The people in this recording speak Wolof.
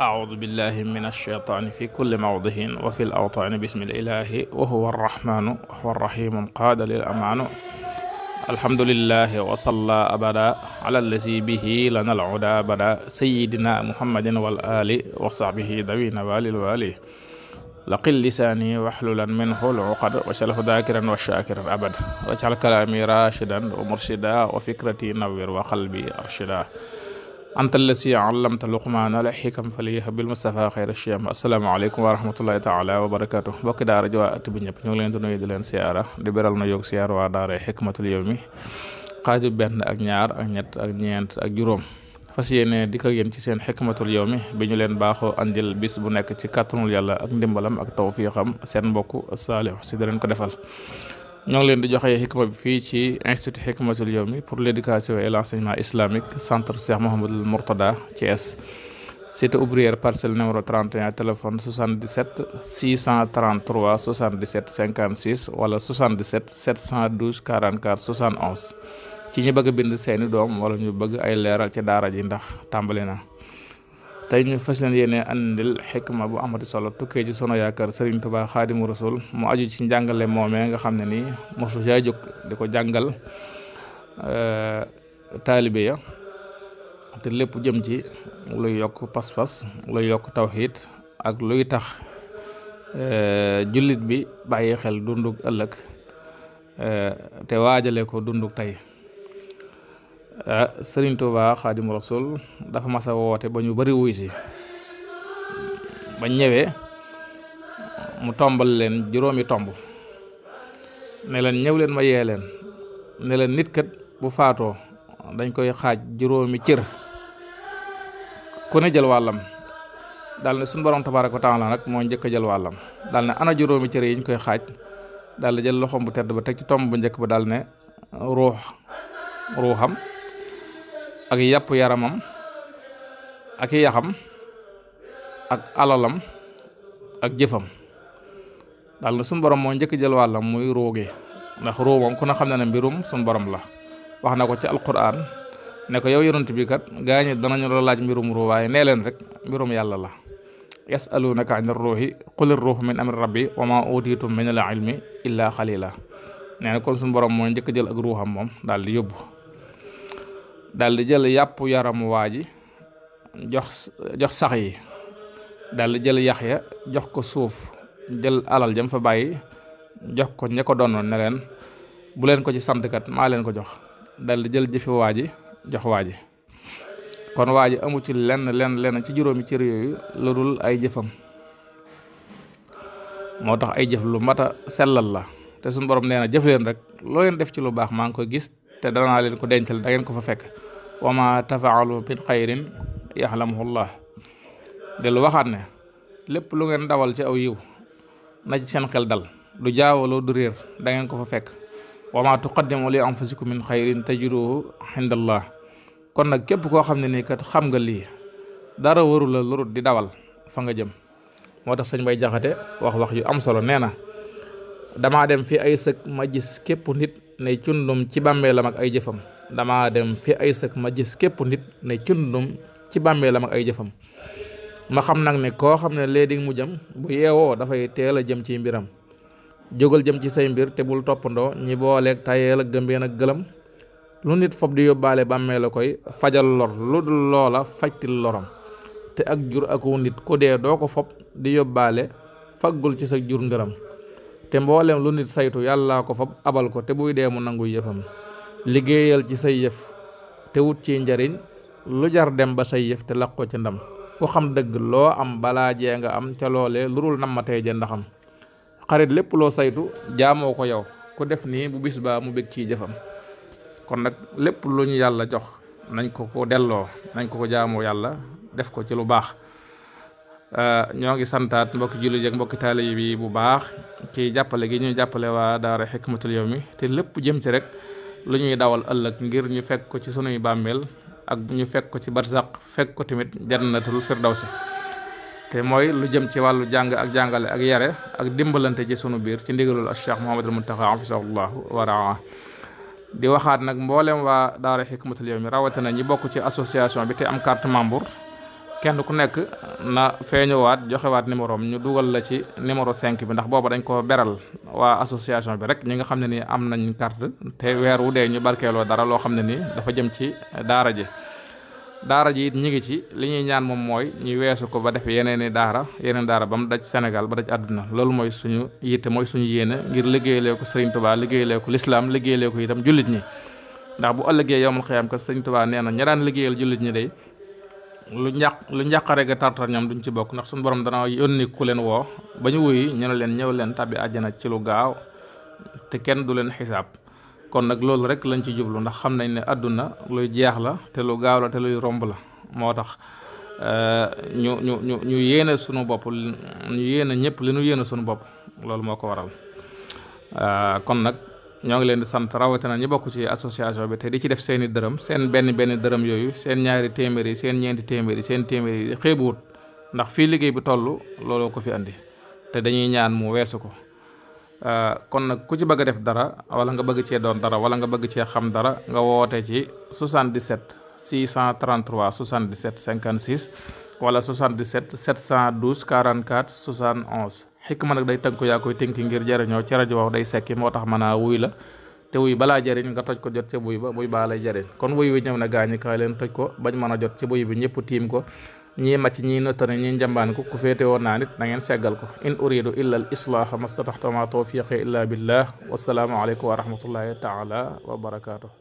أعوذ بالله من الشيطان في كل موضع وفي الأوطان بسم الإله وهو الرحمن وهو الرحيم قاد للأمان الحمد لله وصلى أبدا على الذي به لنا العدا بدا سيدنا محمد والآل وصحبه ذوي نوال الوالي لقل لساني وحللا منه العقد وشله ذاكرا وشاكرا أبد واجعل كلامي راشدا ومرشدا وفكرتي نور وقلبي أرشدا antalla si allamta luqmaan al xikam fa liyaha bil mustafa xayra shiyam asalaamaaleykum wa rahmatullahi taala wa barakaatu mbokki daara ji waa at bi ñëpp ñu ngi leen di nuyu di leen siyaara di beral na siyaar waa daara xikmatul yawmi xaaju benn ak ñaar ak ñett ak ñeent ak juróom fas yéene di ko yéen ci seen xikmatul yawmi bi ñu leen baaxoo andil bis bu nekk ci kàttanul yàlla ak ndimbalam ak tawfiixam seen mbokk saalix si da leen ko defal ñoo ngi leen di joxe xikma bi fii ci institut Hikmatul Yawmi pour l'éducation et l'enseignement islamique centre Cheikh Mouhamadul Mourtada Thiès cité ouvrière parcelle numéro 31 téléphone 77 633 77 56 wala 77 712 44 71 ci ñu bëgg bind seeni doom wala ñu bëgg ay leeral ci daara ji ndax tàmbali na. tey ñu fas yéene andil xikma bu amati solo tukkee ci sunu yaakaar Serigne Touba Xaadimu Rasul mu aju ci njàngale moomee nga xam ne nii mosu saa jóg di ko jàngal euh, taalibe ya te lépp jëm ci luy yokk pas-pas luy yokk tawxiid ak luy tax euh, jullit bi bàyyi xel dundug ëllëg euh, te waajale ko dundug tey. Ah, sëriñ Touba xaadim rasul dafa masa woote ba ñu bari wuy si ba ñëwee mu tombal leen juróomi tomb ne leen ñëw leen ma yee leen ne leen nit kat bu faatoo dañ koy xaaj juróomi cër ku ne jël wàllam daal ne suñu borom tabaaraka wa taala nag moo njëkk jël wàllam dal ne ana juróomi cër yi ñu koy xaaj daal di jël loxoom bu tedd ba teg ci tomb bu njëkk ba daal ne ruux ruuxam ak yàpp yaramam ak yaxam ak alalam ak jëfam daal na suñu borom moo njëkk jël wàllam muy rooge ndax roo moom ku ne xam ne ne mbirum suñu borom la wax na ko ci alquran ne ko yow yonent bi kat gaa ñi dana la laaj mbirum ruu nee leen rek mbirum yàlla la yasalunaka an ruuhi qul ruuhu min amri rabbi wa ma utitum min al ilmi illa xalila nee na kon suñu borom moo njëkk jël ak ruuxam moom daal di yóbbu daal di jël yàpp yaramu waa ji jox jox sax yi daldi jël yax ya jox ko suuf jël alal jam fa bàyyi jox ko ña ko doonoon ne bu leen ko ci sant kat maa leen ko jox daal di jël jëfi waa ji jox waa ji kon waa ji amu ci lenn lenn lenn ci juróomi cër yooyu lu ay jëfam moo tax ay jëf lu mat a sellal la te suñu borom nee na jëf leen rek loo def ci lu baax maa ngi koy gis te danaa leen ko dencal da ngeen ko fa fekk wa ma tafaalu min xayrin yaxlamuhullah lu waxaat ne lépp lu ngeen dawal ci aw yiw na ci seen xel dal du jaawaloo du réer dangeen ko fa fekk wa ma tuqaddimu li anfusikum min xayrin tajiduhu indallah kon nag képp koo xam ne nii kat xam nga lii dara waru la lurut di dawal fa nga jëm moo tax sëñ bay jaxate wax wax yu am solo nee na damaa dem fi ay sëg ma gis képp nit ne cundum ci bàmmeelam ak ay jëfam dama dem fi ay sëg ma gis képp nit ne cundum ci bàmmeelam ak ay jëfam ma xam nag ne koo xam ne léegi mu jëm bu yeewoo dafay teel a jëm ci mbiram jógal jëm ci say mbir te bul toppandoo ñi booleeg tayeel ak gëmbeen ak gëlëm lu nit fob di yóbbaale bàmmeel koy fajal lor lu dul loola fajtil lorom te ak jur aku nit ku dee doo ko fob di yóbbaale faggul ci sa jur ngëram te mboolem lu nit saytu yàllaa ko fab abal ko te buy dee mu nangu yëfam liggéeyal ci say yëf te wut ci njariñ lu jar dem ba say yëf te laq ko ci ndam ku xam dëgg loo am balaa jee nga am ca loole lu dul nammatee ja ndaxam xarit lépp loo saytu jaamoo ko yow ku def nii bu bis baa mu bég ciy jëfam kon nag lépp lu ñu yàlla jox nañ ko ko delloo nañ ko ko jaamoo yàlla def ko ci lu baax Euh, ñoo ngi santaat mbokki jullit ak mbokki taalibe bi bu baax ci jàppale gi ñuy jàppale waa daara Hikmatul mi te lépp jëm ci rek lu ñuy dawal ëllëg ngir ñu fekk ko ci sunuy bàmmeel ak ñu fekk ko ci barzaq fekk ko tamit jannatul si te mooy lu jëm ci wàllu jàng ak jàngale ak yare ak dimbalante ci sunu biir ci ndigalul al Cheikh Mouhamadul Muntaxa afisahullahu wa raa di waxaat nag mboolem waa daara Hikmatul mi rawatina ñi bokk ci association bi te am carte membre kenn ku nekk na feeñuwaat joxewaat numéro am ñu dugal la ci numéro 5 bi ndax booba dañ ko beral waa association bi rek ñu nga xam ne nii am nañ carte te weer wu dee ñu barkeeloo dara loo xam ne nii dafa jëm ci daara ji daara ji it ñi ngi ci li ñuy ñaan moom mooy ñu weesu ko ba def yeneen i daara yeneen daara ba mu daj Sénégal ba daj àdduna loolu mooy suñu yitte mooy suñu yéene ngir liggéeyalee ko Serigne Touba liggéeyalee ko lislaam liggéeyalee ko itam jullit ñi ndax bu ëllëgee yowmal xiyaam ka Serigne Touba nee na ña daan liggéeyal jullit ñi lu njàq lu njàqare ga tartar ñoom duñ ci bokk ndax suñu borom dana yónni ku leen woo ba ñu wuyu ñu ne leen ñëw leen tàbbi àjjana ci lu gaaw te kenn du leen xisaab kon nag loolu rek lañ ci jublu ndax xam nañ ne àdduna luy jeex la te lu gaaw la te luy romb la moo tax euh, ñu ñu ñu ñu yéene suñu bopp ñu yéene ñëpp li ñu yéene suñu bopp loolu moo ko waral euh, kon nag ñoo ngi leen di sant rawatina ñi bokk ci association bi te di ci def seeni dërëm seen benn benn dërëm yooyu seen ñaari téeméer seen ñeenti téeméer seen téeméer yi xeebuwut ndax fii liggéey bi toll looloo ko fi indi te dañuy ñaan mu weesu ko euh, kon nag ku ci bëgg def dara wala nga bëgg cee doon dara wala nga bëgg cee xam dara nga woote ci 77 633 77 56 wala 77 712 44 71 xikma nag day tënk yaa koy tënki ngir jariñoo ci rajo wax day sekki moo tax mën a wuy la te wuy balaa jariñ nga toj ko jot ci buy ba buy baa lay jariñ kon wuy wi ñëw na gaañi kaay leen toj ko bañ mën a jot ci buy bi ñëpp tiim ko ñii màcc ñii nëttane ñii njambaan ko ku féete woon naa nit nangeen seggal ko in uridu illa al islaaha mastataxtama tawfiqi illa billah wasalaamu aleykum wa rahmatullahi taala wa barakaatu